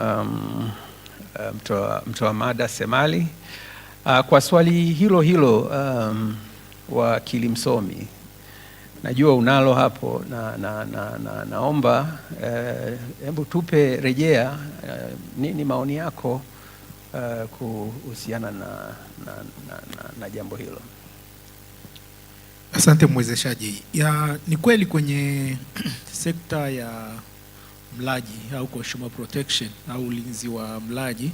um, uh, mtoa, mtoa mada Semali uh, kwa swali hilo hilo um, wakili msomi najua unalo hapo na, na, na, na naomba uh, hebu tupe rejea eh, nini maoni yako eh, kuhusiana na, na, na, na, na jambo hilo. Asante mwezeshaji. Ya, ni kweli kwenye sekta ya mlaji au consumer protection au ulinzi wa mlaji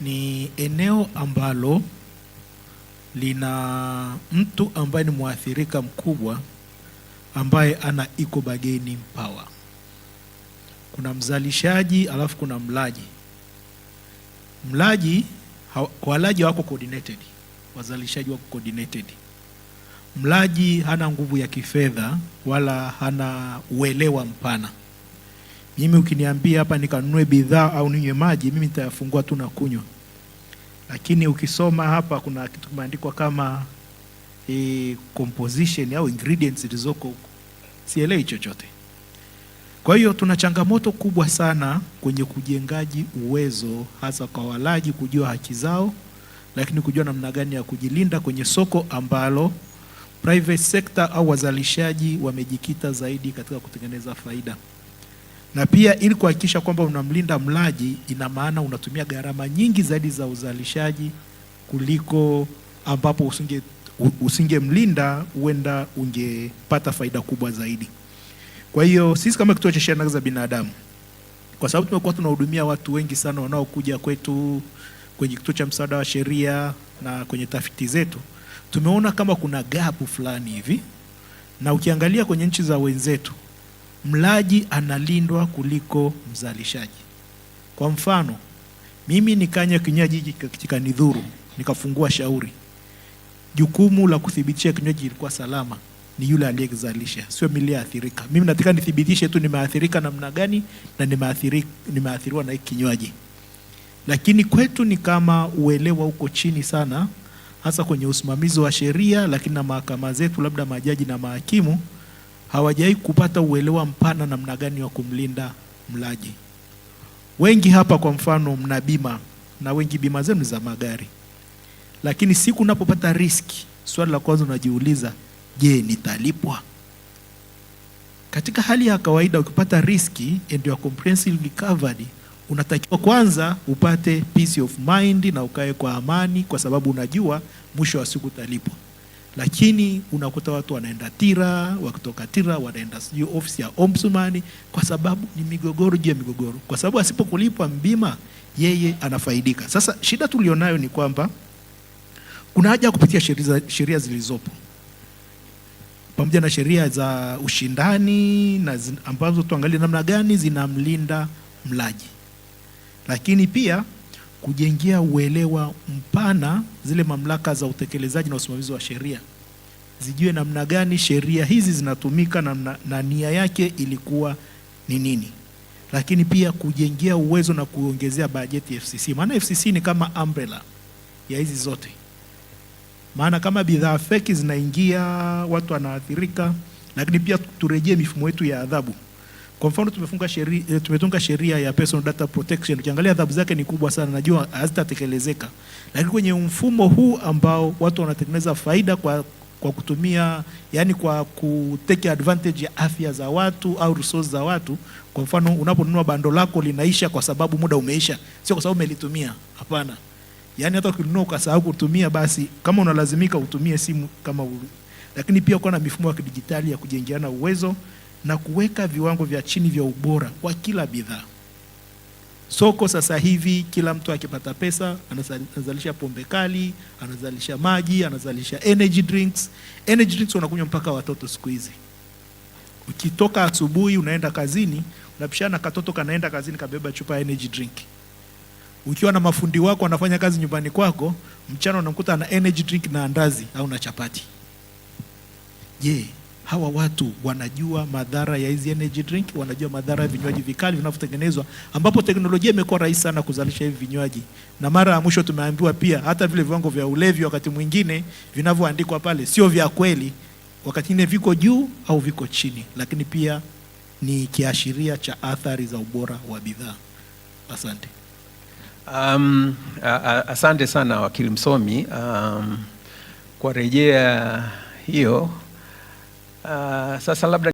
ni eneo ambalo lina mtu ambaye ni mwathirika mkubwa ambaye ana iko bargaining power. Kuna mzalishaji alafu kuna mlaji. Mlaji walaji wako coordinated, wazalishaji wako coordinated. Mlaji hana nguvu ya kifedha wala hana uelewa mpana. Mimi ukiniambia hapa nikanunue bidhaa au ninywe maji, mimi nitayafungua tu na kunywa, lakini ukisoma hapa kuna kitu kimeandikwa kama e, composition au ingredients zilizoko huko, sielewi chochote. Kwa hiyo tuna changamoto kubwa sana kwenye kujengaji uwezo, hasa kwa walaji kujua haki zao, lakini kujua namna gani ya kujilinda kwenye soko ambalo private sector au wazalishaji wamejikita zaidi katika kutengeneza faida na pia ili kuhakikisha kwamba unamlinda mlaji, ina maana unatumia gharama nyingi zaidi za uzalishaji kuliko ambapo usinge usingemlinda huenda ungepata faida kubwa zaidi. Kwa hiyo sisi kama kituo cha sheria na haki za binadamu, kwa sababu tumekuwa tunahudumia watu wengi sana wanaokuja kwetu kwenye kituo cha msaada wa sheria na kwenye tafiti zetu, tumeona kama kuna gapu fulani hivi, na ukiangalia kwenye nchi za wenzetu mlaji analindwa kuliko mzalishaji. Kwa mfano, mimi nikanywa kinywaji kikanidhuru, nikafungua shauri, jukumu la kuthibitisha kinywaji kilikuwa salama ni yule aliyezalisha, sio mimi aliyeathirika. Mimi nataka nithibitishe tu nimeathirika namna gani na nimeathiriwa na hiki kinywaji. Lakini kwetu ni kama uelewa uko chini sana, hasa kwenye usimamizi wa sheria, lakini na mahakama zetu, labda majaji na mahakimu hawajai kupata uelewa mpana namna gani wa kumlinda mlaji. Wengi hapa kwa mfano mna bima na wengi bima zenu za magari, lakini siku unapopata riski, swali la kwanza unajiuliza, je, nitalipwa? Katika hali ya kawaida ukipata riski and you are comprehensively covered, unatakiwa kwanza upate peace of mind na ukae kwa amani, kwa sababu unajua mwisho wa siku utalipwa lakini unakuta watu wanaenda TIRA, wakitoka TIRA wanaenda sijui ofisi ya ombudsman, kwa sababu ni migogoro juu ya migogoro, kwa sababu asipokulipwa mbima yeye anafaidika. Sasa shida tulionayo ni kwamba kuna haja ya kupitia sheria zilizopo pamoja na sheria za ushindani na ambazo tuangalie namna gani zinamlinda mlaji, lakini pia kujengea uelewa mpana zile mamlaka za utekelezaji na usimamizi wa sheria zijue namna gani sheria hizi zinatumika na, na, na nia yake ilikuwa ni nini, lakini pia kujengea uwezo na kuongezea bajeti FCC, maana FCC ni kama umbrella ya hizi zote, maana kama bidhaa feki zinaingia watu wanaathirika, lakini pia turejee mifumo yetu ya adhabu. Kwa mfano tumefunga sheria, eh, tumetunga sheria ya personal data protection. Ukiangalia adhabu zake ni kubwa sana, najua hazitatekelezeka, lakini kwenye mfumo huu ambao watu wanatengeneza faida kwa, kwa kutumia yani kwa kuteke advantage ya afya za watu au resource za watu. Kwa mfano unaponunua bando lako linaisha kwa sababu muda umeisha, sio kwa sababu umelitumia. Hapana, yani hata ukinunua ukasahau kutumia, basi kama unalazimika utumie simu kama uli. Lakini pia uko na mifumo ya kidijitali ya kujengeana uwezo na kuweka viwango vya chini vya ubora wa kila bidhaa. Soko sasa hivi kila mtu akipata pesa anazalisha pombe kali, anazalisha maji, anazalisha energy drinks. Energy drinks wanakunywa mpaka watoto siku hizi. Ukitoka asubuhi unaenda kazini, unapishana katoto kanaenda kazini kabeba chupa ya energy drink. Ukiwa na mafundi wako wanafanya kazi nyumbani kwako, mchana unamkuta ana energy drink na andazi au na chapati. Je, yeah hawa watu wanajua madhara ya hizi energy drink, wanajua madhara ya vinywaji vikali vinavyotengenezwa, ambapo teknolojia imekuwa rahisi sana kuzalisha hivi vinywaji. Na mara ya mwisho tumeambiwa pia hata vile viwango vya ulevi wakati mwingine vinavyoandikwa pale sio vya kweli, wakati mwingine viko juu au viko chini, lakini pia ni kiashiria cha athari za ubora wa bidhaa. Asante. Um, asante sana wakili msomi. Um, kwa rejea hiyo uh, sa salab